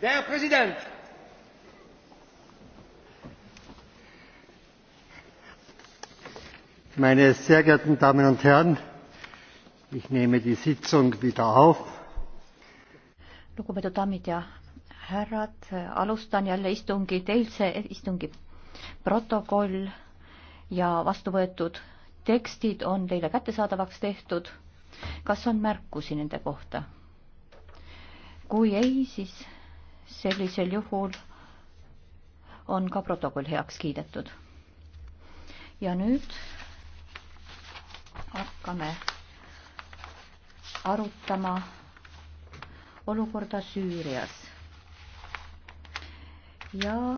Der Präsident! Meine sehr geehrten Damen und Herren, ich nehme die Sitzung wieder auf. Lugupeetud daamid ja härrad, alustan jälle istungit, eilse istungi protokoll ja vastu võetud tekstid on teile kättesaadavaks tehtud. kas on märkusi nende kohta? kui ei, siis sellisel juhul on ka protokoll heaks kiidetud. ja nüüd hakkame arutama olukorda Süürias ja